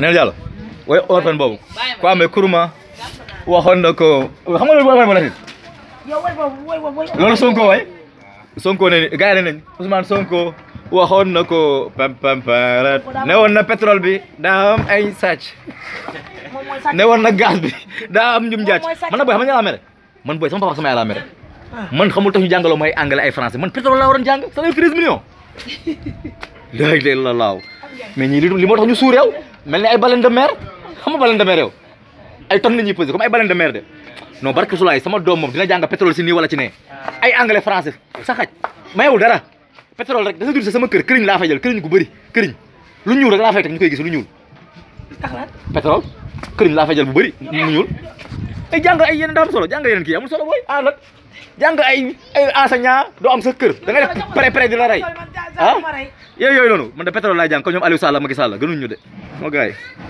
neel yàlla waaye orpen boobu ku amee kuruma waxoon na ko xam nga loolu mooy mën a loolu Sonko waay Sonko ne gars yi ne nañ Ousmane Sonko na ko pam pam parat ne woon na pétrole bi daa am ay sàcc ne woon na gaz bi daa am ñum jàcc man nag booy xam nga laa mere man booy sama papa sama yaay laa mere man xamul tax ñu jàngaloo may anglais ay français man pétrole laa waroon jàng ça fait treize millions léegi léegi la laaw mais ñii li moo tax ñu suureew mel ni ay baleine de mer xam nga baleine de mer yow ay tonnes la ñuy pesé comme ay baleine de mer de non barke sulaay sama doom moom dina jàng pétrole si nii wala ci ne ay anglais français sa ma mayewul dara pétrole rek dafa dul sa sama kër kër laa fay jël këriñ gu bëri këriñ lu ñuul rek laa ñu koy gis lu ñuul pétrole këriñ laa fay bu bëri mu ñuul ay jàng ay yeneen dafa am solo jàng yeneen kii amul solo booy ah lan jàng ay ay enseignant doo am sa kër da ngay def pré pré di la rey ah yooyu yooyu noonu man de pétrole laay jàng comme ñoom Aliou Sall Macky Sall gënuñ ñu de Okay.